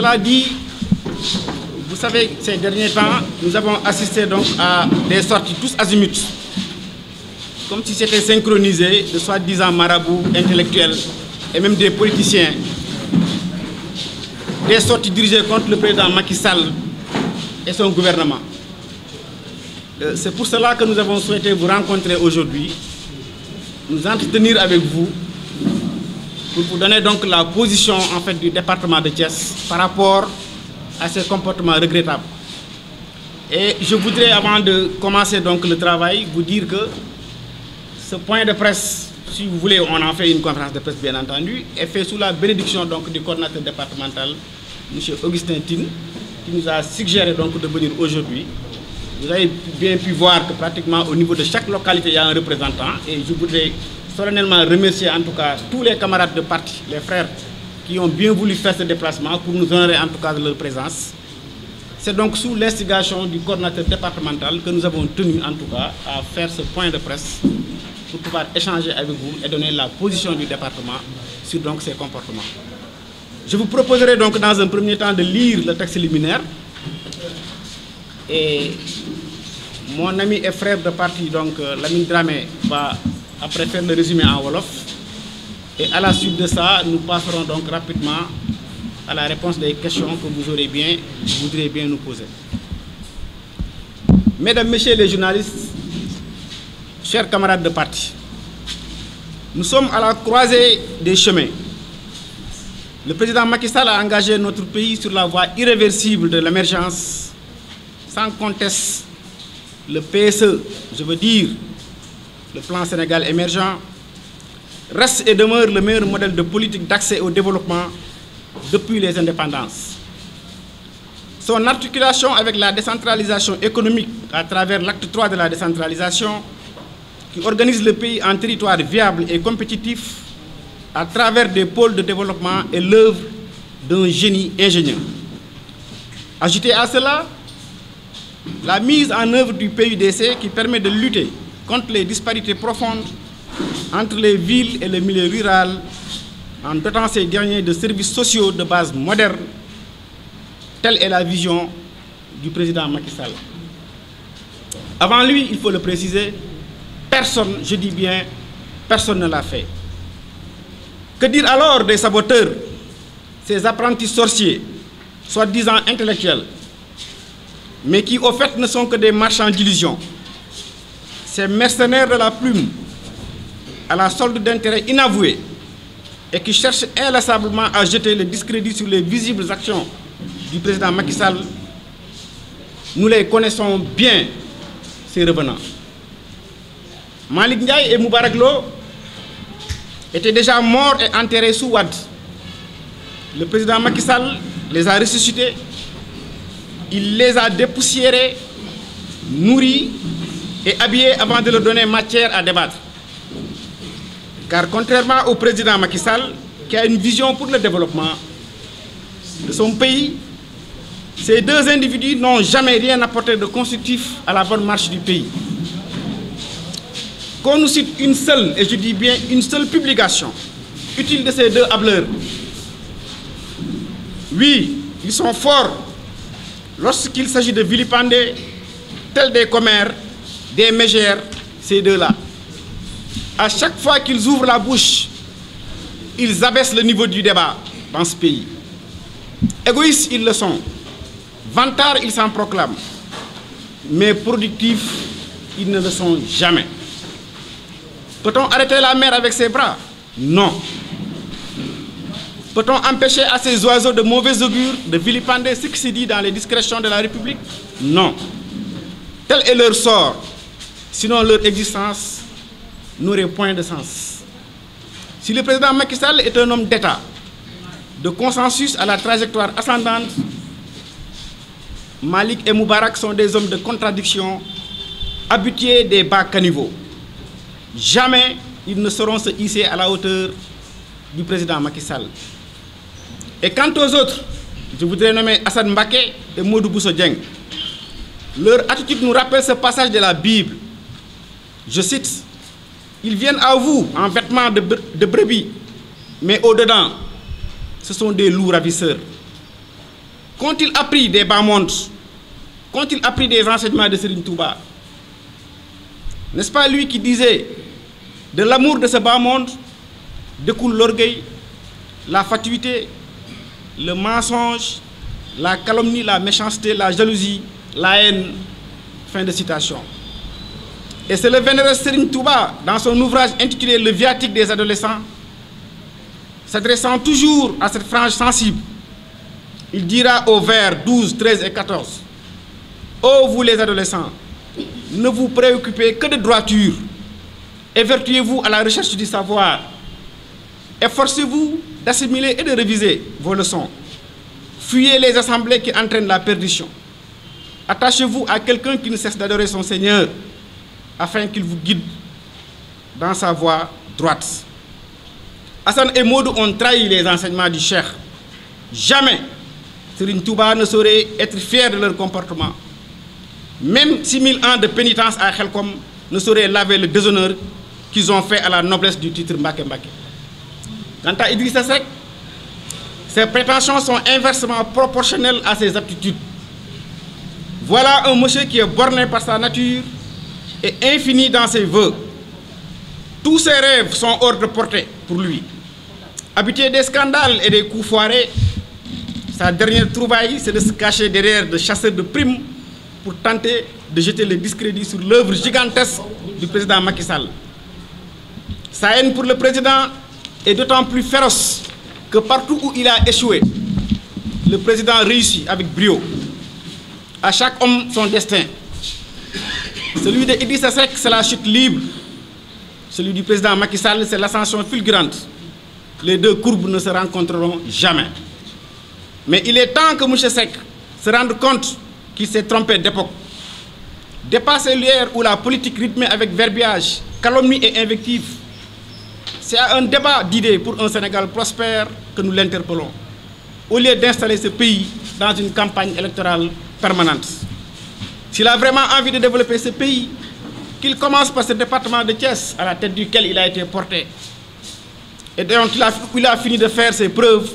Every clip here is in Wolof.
Cela dit, vous savez, ces derniers temps, nous avons assisté donc à des sorties tous azimuts, comme si c'était synchronisé de soi-disant marabouts intellectuels et même des politiciens. Des sorties dirigées contre le président Macky Sall et son gouvernement. Euh, c'est pour cela que nous avons souhaité vous rencontrer aujourd'hui, nous entretenir avec vous pour vous donner donc la position en fait du département de Thiès par rapport à ces comportements regrettables. Et je voudrais avant de commencer donc le travail vous dire que ce point de presse, si vous voulez, on en fait une conférence de presse bien entendu, est fait sous la bénédiction donc du coordinateur départemental, M. Augustin Tin, qui nous a suggéré donc de venir aujourd'hui. Vous avez bien pu voir que pratiquement au niveau de chaque localité, il y a un représentant solennellement remercier en tout cas tous les camarades de parti, les frères, qui ont bien voulu faire ce déplacement pour nous honorer en tout cas de leur présence. C'est donc sous l'instigation du coordinateur départemental que nous avons tenu en tout cas à faire ce point de presse pour pouvoir échanger avec vous et donner la position du département sur donc ces comportements. Je vous proposerai donc dans un premier temps de lire le texte liminaire et mon ami et de parti donc euh, Lamine Dramé après faire le résumé en wolof et à la suite de ça nous passerons donc rapidement à la réponse des questions que vous aurez bien voudrez bien nous poser mesdames messieurs les journalistes cher camarades de parti nous sommes à la croisée des chemins le président Macky Sall a engagé notre pays sur la voie irréversible de l'émergence sans conteste le PSE je veux dire le plan Sénégal émergent reste et demeure le meilleur modèle de politique d'accès au développement depuis les indépendances. Son articulation avec la décentralisation économique à travers l'acte 3 de la décentralisation qui organise le pays en territoire viable et compétitif à travers des pôles de développement est l'œuvre d'un génie ingénieur. Ajouté à cela, la mise en œuvre du PUDC qui permet de lutter contre les disparités profondes entre les villes et le milieu rural en dotant ces derniers de services sociaux de base moderne. Telle est la vision du président Macky Sall. Avant lui, il faut le préciser, personne, je dis bien, personne ne l'a fait. Que dire alors des saboteurs, ces apprentis sorciers, soi-disant intellectuels, mais qui au fait ne sont que des marchands d'illusions ces mercenaires de la plume à la solde d'intérêts inavoués et qui cherchent inlassablement à jeter le discrédit sur les visibles actions du président Macky Sall, nous les connaissons bien, ces revenants. Malik Ndiaye et Moubarak Lo étaient déjà morts et enterrés sous Wad. Le président Macky Sall les a ressuscités, il les a dépoussiérés, nourris et habillé avant de leur donner matière à débattre. Car contrairement au président Macky Sall, qui a une vision pour le développement de son pays, ces deux individus n'ont jamais rien apporté de constructif à la bonne marche du pays. Qu'on nous cite une seule, et je dis bien une seule publication, utile de ces deux hableurs. Oui, ils sont forts lorsqu'il s'agit de vilipender, tels des commères, des mégères, ces deux-là. À chaque fois qu'ils ouvrent la bouche, ils abaissent le niveau du débat dans ce pays. Égoïstes, ils le sont. Vantards, ils s'en proclament. Mais productifs, ils ne le sont jamais. Peut-on arrêter la mer avec ses bras Non. Peut-on empêcher à ces oiseaux de mauvais augure de vilipender ce dans les discrétions de la République Non. Tel est leur sort. Sinon, leur existence n'aurait point de sens. Si le président Macky Sall est un homme d'État, de consensus à la trajectoire ascendante, Malik et Moubarak sont des hommes de contradiction, habitués des bas caniveaux. Jamais ils ne sauront se hisser à la hauteur du président Macky Sall. Et quant aux autres, je voudrais nommer Hassan Mbake et Modou Bousso Dieng. Leur attitude nous rappelle ce passage de la Bible je cite, Ils viennent à vous en vêtements de, de brebis, mais au-dedans, ce sont des loups ravisseurs. Qu'ont-ils appris des bas-mondes Qu'ont-ils appris des enseignements de Serine Touba N'est-ce pas lui qui disait De l'amour de ce bas-monde découle l'orgueil, la fatuité, le mensonge, la calomnie, la méchanceté, la jalousie, la haine. Fin de citation. Et c'est le vénéreux Serigne Touba, dans son ouvrage intitulé Le viatique des adolescents, s'adressant toujours à cette frange sensible, il dira au vers 12, 13 et 14, vous les adolescents, ne vous préoccupez que de droiture, évertuez-vous à la recherche du savoir, efforcez-vous d'assimiler et de réviser vos leçons. Fuyez les assemblées qui entraînent la perdition. Attachez-vous à quelqu'un qui ne cesse d'adorer son Seigneur. afin qu'il vous guide dans sa voie droite. Hassan et Modou trahi les enseignements du Cheikh. Jamais Serine Touba ne saurait être fier de leur comportement. Même 6000 ans de pénitence à Khelkom ne saurait laver le déshonneur qu'ils ont fait à la noblesse du titre Mbake Mbake. Quant à Idrissa Seck, ses prétentions sont inversement proportionnelles à ses aptitudes. Voilà un monsieur qui est borné par sa nature et infini dans ses vœux. Tous ses rêves sont hors de portée pour lui. Habitué des scandales et des coups foirés, sa dernière trouvaille, c'est de se cacher derrière des chasseurs de primes pour tenter de jeter le discrédit sur l'œuvre gigantesque du président Macky Sall. Sa haine pour le président est d'autant plus féroce que partout où il a échoué, le président réussit avec brio. À chaque homme son destin. Celui de Idrissa Seck, c'est la chute libre. Celui du président Macky Sall, c'est l'ascension fulgurante. Les deux courbes ne se rencontreront jamais. Mais il est temps que monsieur sec se rende compte qu'il s'est trompé d'époque. Dépasser l'ère où la politique rythmée avec verbiage, calomnie et invective, c'est un débat d'idées pour un Sénégal prospère que nous l'interpellons, au lieu d'installer ce pays dans une campagne électorale permanente. S'il la vraiment envie de développer ce pays, qu'il commence par ce département de Thiès, à la tête duquel il a été porté, et dont il a, il a fini de faire ses preuves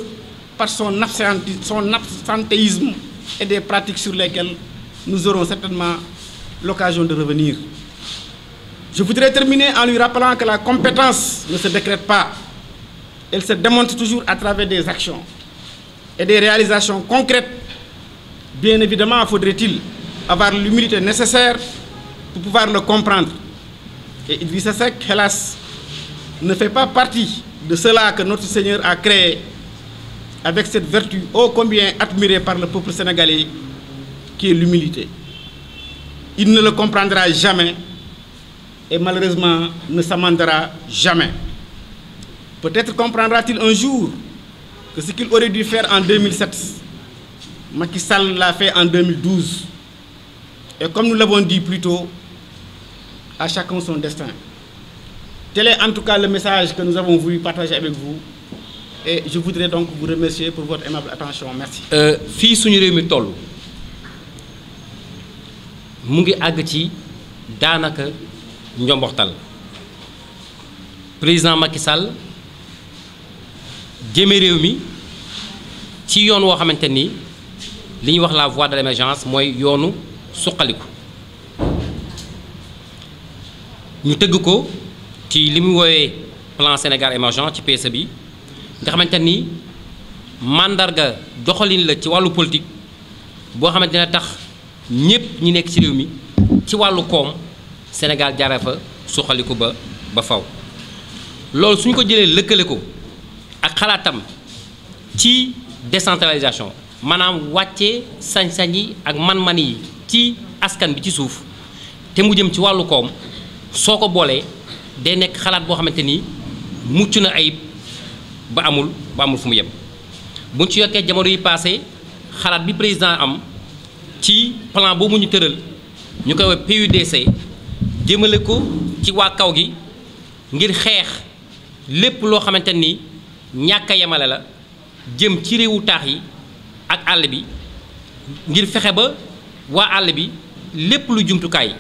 par son absentéisme et des pratiques sur lesquelles nous aurons certainement l'occasion de revenir. Je voudrais terminer en lui rappelant que la compétence ne se décrète pas. Elle se démontre toujours à travers des actions et des réalisations concrètes. Bien évidemment, faudrait-il avoir l'humilité nécessaire pour pouvoir la comprendre. Et Idrissa Seck, hélas, ne fait pas partie de cela que notre Seigneur à créé avec cette vertu ô combien admirée par le peuple sénégalais qui est l'humilité. Il ne le comprendra jamais et malheureusement ne s'amendera jamais. Peut-être comprendra-t-il un jour que ce qu'il aurait dû faire en 2007, Macky Sall l'a fait en 2012. Et comme nous l'avons dit plus tôt, à chacun son destin. Tel est en tout cas le message que nous avons voulu partager avec vous et je voudrais donc vous remercier pour votre aimable attention merci. Euh, fii suñu réew mi toll mu ngi àgg ci daanaka njomboxtal président Macky Sall jëme réew mi ci yoon woo xamante ni li ñuy wax la voie de l'émergence mooy yoonu. suqaliku ñu tëgg ko ci li mu woowee plan Sénégal émergent ci PSE bi nga xamante ni màndarga joxalin la ci wàllu politique boo xamante dina tax ñépp ñi nekk ci réew mi ci wàllu koom Sénégal jaaree fa suqaliku ba ba faw loolu suñu ko jëlee lëkkale ko ak xalaatam ci décentralisation maanaam wàccee sañ-sañ yi ak man mani yi ci askan bi ci suuf te mu jëm ci wàllu koom soo ko boolee day nekk xalaat boo xamante ni mucc na ayib ba amul ba amul fu mu yem buñ ci yokkee jamono yi paase xalaat bi président am ci plan boobu ñu tëral ñu koy wax PUDC jëmale ko ci waa kaw gi ngir xeex lépp loo xamante ni ñàkk yemale la jëm ci réewu taax yi ak àll bi ngir fexe ba waa àll bi lépp lu jumtukaay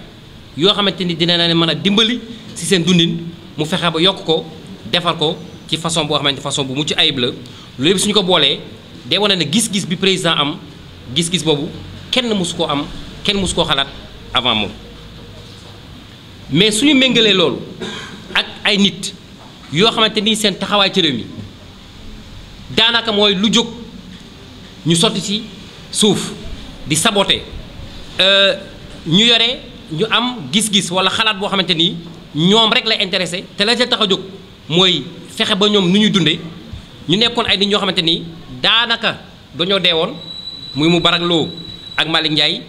yoo xamante ni dina ne mën a dimbali si seen dundin mu fexe ba yokk ko defar ko ci façon boo xamante façon bu mucc ayib la loolu yëpp suñu ko boolee day wane ne gis-gis bi président am gis-gis boobu kenn mosu koo am kenn mosu koo xalaat avant moom mais suñu méngalee loolu ak ay nit yoo xamante ni seen taxawaay ci réew mi daanaka mooy lu jóg ñu sotti ci suuf di saboter ñu yore ñu am gis-gis wala xalaat boo xamante ni ñoom rek lay intéressé te la ca tax a jóg mooy fexe ba ñoom nu ñuy dundee ñu nekkoon ay nit ñoo xamante ni daanaka dañoo woon muy mu Barak Lô ak Malick Ndiaye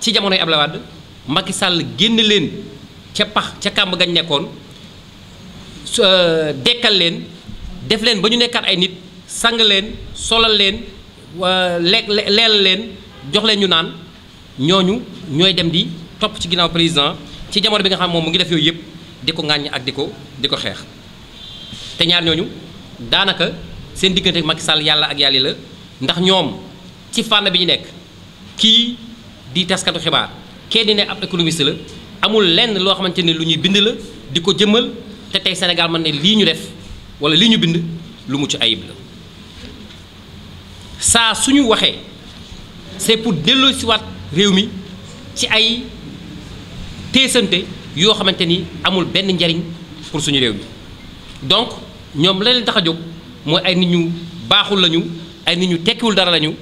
ci jamonoy Abdoulaye Wade Macky Sall génn leen ca pax ca kàmb gañ nekkoon euh, dekkal leen def leen ba ñu nekkaat ay nit sang leen solal leen leel leel leen jox leen ñu naan. ñooñu ñooy dem di topp ci ginnaaw président ci jamono bi nga xam moom mu ngi def yooyu yëpp di ko ŋàññ ak di ko di ko xeex te ñaar ñooñu daanaka seen diggante Macky Sall yàlla ak yàlla la ndax ñoom ci fànn bi ñu nekk kii di taskatu xibaar kenn di ne ab économiste la amul lenn loo xamante ne lu ñuy bind la di ko jëmmal te tey Sénégal mën ne lii ñu def wala lii ñu bind lu mu ci ayib la saa suñu waxee c'est pour delloosiwaat réew mi ci ay teesante yoo xamante ni amul benn njariñ pour suñu réew mi donc ñoom la leen tax a jóg mooy ay nit ñu baaxul lañu ay nit ñu tekkiwul dara lañu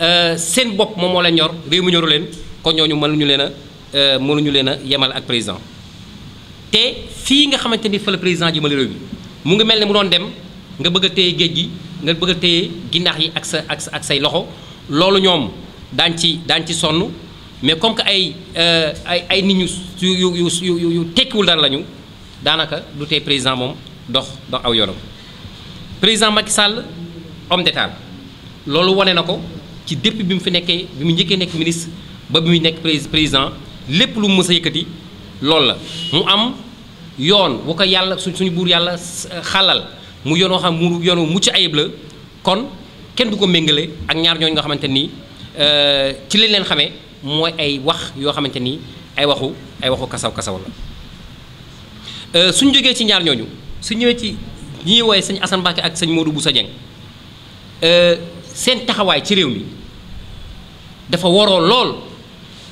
euh, seen bopp moom moo leen ñor réew mi ñoru leen kon ñooñu mënuñu leen a euh, mënuñu leen a yemal ak président te fii nga xamante ni fa la président jëmale réew mi mu ngi mel ne mu doon dem nga bëgg a téye géej gi nga bëgg a téye ginnaax yi ak sa ak sa ak say loxo loolu ñoom. daañ ci daañ ci sonn mais comme que ay euh, ay ay nit ñu yu yu yu yu tekkiwul dara lañu daanaka du tee président moom dox dox aw yoonam président Macky Sall homme d'état loolu wane na ko ci depuis bi mu fi nekkee bi mu njëkkee nekk ministre ba bi muy nekk président lépp lu mu mës yëkkati loolu la mu am yoon wu ko yàlla su suñu buur yàlla euh, xalal mu yoon woo xam mu yoon mucc ayib la kon kenn du ko méngale ak ñaar ñooñu nga xamante nii Euh, ci liñ leen xamee mooy ay wax yoo xamante ni ay waxu ay waxu kasaw kasaw la euh, suñ jógee ci ñaar ñooñu su ñëwee ci ñi wooye sëñ Assane Mbacké ak sëñ bu Boussa Dieng euh, seen taxawaay ci réew mi dafa waroo lool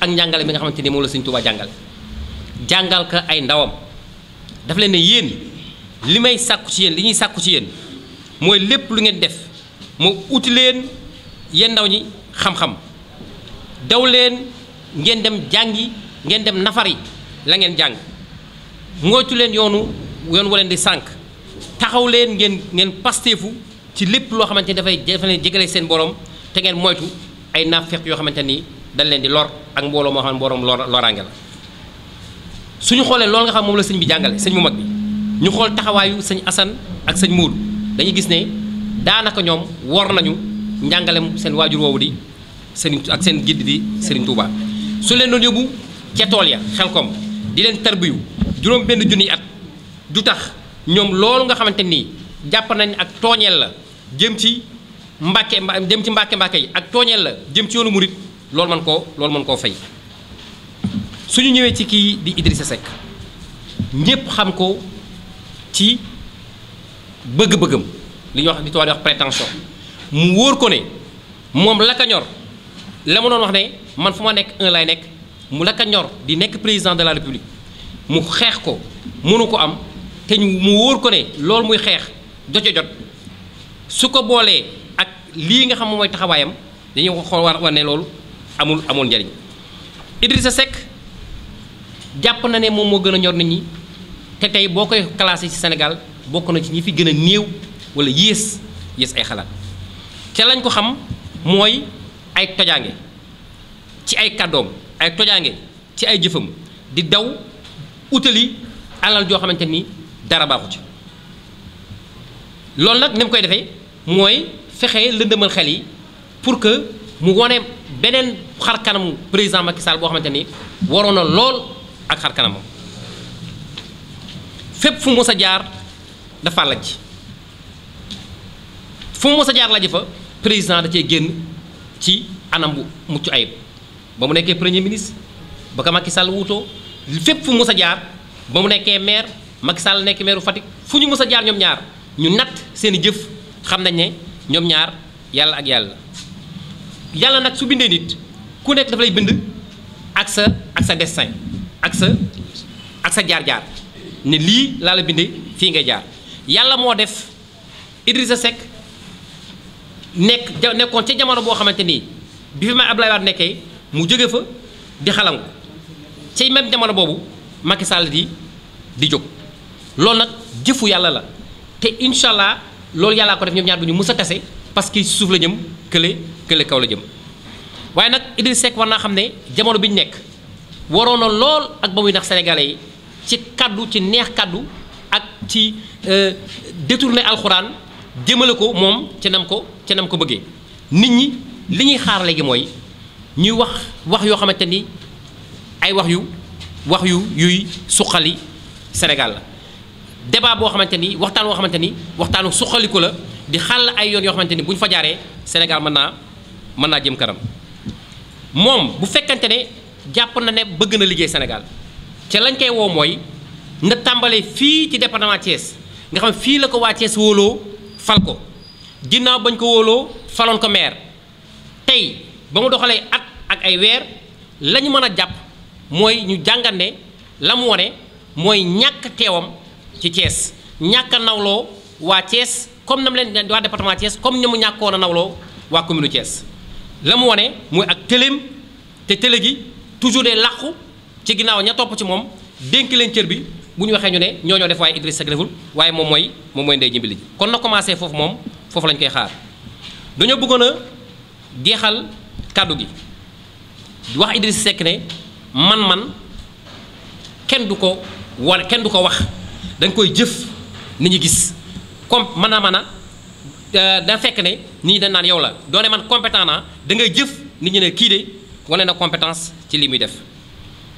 ak njàngale bi nga xamante ni moom la sëñ Touba jàngale jàngal ka ay ndawam dafa leen yéen li may sàkku ci yéen li ñuy sàkku ci yéen mooy lépp lu ngeen def moo uti leen yéen ndaw ñi xam-xam daw ngeen dem yi ngeen dem nafar yi la ngeen jàng moytu leen yoonu yoon leen di sànq taxaw leen ngeen ngeen pasteefu ci lépp loo xamante ni dafay dafa leen jegale seen borom te ngeen moytu ay naafeq yoo xamante ni dañ leen di lor ak mbooloo moo xam ne mbooloom loraange la suñu xoolee loolu nga xam moom la sëñ bi jàngale sëñ mu mag bi ñu xool taxawaayu sëñ Assane ak sëñ Moodu dañuy gis ne daanaka ñoom wor nañu njàngalem seen waajur woowu di sëriñ ak seen gidd di sëriñ Touba su leen doon yóbbu ca tool ya xelkom di leen tarbiyu juróom benn junniy at du tax ñoom loolu nga xamante ni jàpp nañ ak tooñeel la jëm ci mbàkke jëm ci mbàkke mbàkke yi ak tooñeel la jëm ci yoonu murit loolu man koo loolu mën koo fay suñu ñëwee ci kii di sa Seck ñépp xam ko ci bëgg-bëggam li ñuy wax li tool di wax prétention mu wóor ko ne moom lakk ka ñor la ma doon wax ne man fu ma nekk un lay nekk mu la ka ñor di nekk président de la république mu xeex ko mënu ko am te mu wóor ko ne loolu muy xeex joco jot su ko boolee ak lii nga xam moom mooy taxawaayam ko xool war ne loolu amul amul njariñ Idrissa Seck jàpp na ne moom moo gën a ñor nit ñi te tey boo koy classé ci Sénégal bokk na ci ñi fi gën a néew wala yées yées ay xalaat ca lañ ko xam mooy ay tojaange ci ay kàddoom ay tojaange ci ay jëfam di daw utali alal joo xamante ni dara baaxu ci loolu nag ni mu koy defee mooy fexe lëndëmal xel yi pour que mu wone beneen xar kanamu président Macky Sall boo xamante ni waroon na lool ak xar kanamam fépp fu mu mës a jaar dafa lajj fu mu mës a jaar lajj fa. président da cee génn ci anam bu mucc ayib ba mu nekkee premier ministre ba ko Macky Sall wuutoo fépp fu mu mës a jaar ba mu nekkee maire Macky Sall nekk maire Fatick fu ñu mës a jaar ñoom ñaar ñu natt seeni i jëf xam na ne ñoom ñaar yàlla ak yàlla yàlla nag su bindee nit ku nekk dafay bind ak sa ak sa destin ak sa ak sa jaar-jaar ne lii laa la bindee fii ngay jaar yàlla moo def Idrissa Seck nekk ja nekkoon ca jamono boo xamante ni bi fi ma Abdoulaye Wade nekkee mu jóge fa di xalangu ci même jamono boobu Macky Sall di di jóg loolu nag jëfu yàlla la te incha allah loolu yàllaa ko def ñoom ñaar bu ñu mus a tase parce que suuf la jëm kële kële kaw la jëm waaye nag Idriss Seck war naa xam ne jamono bi ñu nekk waroon na lool ak ba muy nax sénégalais yi ci kaddu ci neex kàddu ak ci euh, détourné alxuraan. jëmale ko moom ca nam ko ca nam ko bëggee nit ñi li ñuy xaar léegi mooy ñuy wax wax yoo xamante ni ay wax yu wax yu yuy suqali Sénégal la débat boo xamante ni waxtaan woo xamante ni waxtaanu ko la di xàll ay yoon yoo xamante ni bu ñu fa jaaree Sénégal mën naa mën naa jëm kanam moom bu fekkante ne jàpp na ne bëgg na liggéey senegal ca lañ koy woo mooy nga tàmbalee fii ci département Thiès nga xam fii la ko waa Thiès wóoloo fal ko ginnaaw bañ ko wóoloo faloon ko maire tey ba mu doxalee at ak ay weer la ñu mën a jàpp mooy ñu jàngat ne la mu wane mooy ñàkk teewam ci Thiès ñàkk a nawloo waa cees comme na mu leen waa département Thiès comme ni mu ñàkkoon a nawloo waa commune Thiès la mu wane mooy ak tëleem te tële gi toujours day làqu ci ginnaaw ña topp ci moom dénk leen cër bi bu ñu waxee ñu ne ñoo ñoo def waaye Idriss Seck deful waaye moom mooy moom mooy ndey jimbili ji kon na commencé foofu moom foofu lañ koy xaar dañoo bëggoon a jeexal kàddu gi wax Idriss Seck ne man-man kenn du ko wane kenn du ko wax dañ koy jëf ni ñu gis comme mën a mën a euh, da fekk ne nit ñi dañ yow la doone man compétent naa da ngay jëf nit ñi ne kii de wane na compétence ci li muy def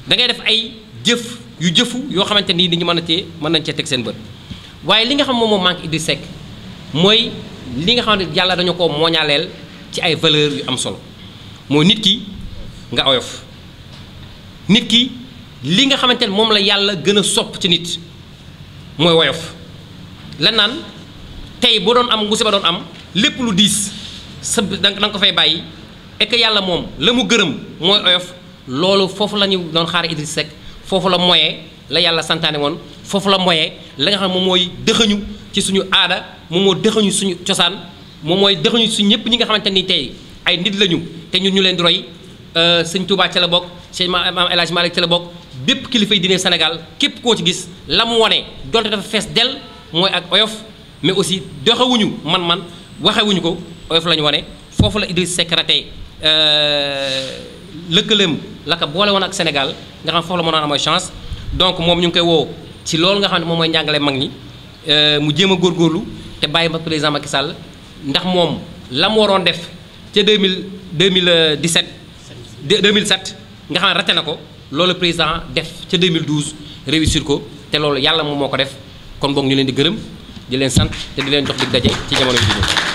dangay def ay jëf yu jëfu yoo xamante ni nit ñi mën a cee mën nañ cee teg seen bët waaye li nga xam moom moo manque Idrissa Seck mooy li nga xam ne yàlla dañu ko mooñaaleel ci ay valeur yu am solo mooy nit ki nga oyof nit ki li nga xamante ne moom la yàlla gën a sopp ci nit mooy woyof la naan tey boo doon am musiba doon am lépp lu diis sa da nga ko fay bàyyi et yàlla moom la mu gërëm mooy oyof loolu foofu la ñu doon xaar Idrissa Seck foofu la moyee la yàlla santaane woon foofu la moyee la nga xam ne moom mooy dëxañu ci suñu aada moom moo dëxañu suñu cosaan moom mooy dëxañu suñu ñëpp ñi nga xamante ni tey ay nit lañu te ñun ñu leen di roy euh, sëñ Touba ca la bokk sëñ Maam El Hadj Malick la bokk bépp kilifa yi diine Sénégal képp koo ci gis la mu wone donte dafa fees del mooy ak oyof mais aussi doxewuñu man-man waxewuñu ko oyof la ñu wone foofu la Idriss Seck raté euh, lëkkaleem la ko boole woon ak Sénégal nga xam foofu la mënoon amay chance donc moom ñu ngi koy woo ci loolu nga xam ne moom mooy njàngale mag ñi euh, mu jéem a góorgóorlu te bàyyi ma président Macky Sall ndax moom la mu waroon def ca 2000 2017 2007 nga xam ne raté na ko loolu président def ca 2012 réussir ko te loolu yàlla moom moo ko def kon boog ñu leen di gërëm di leen sant te di leen jox dig daje ci jamono ji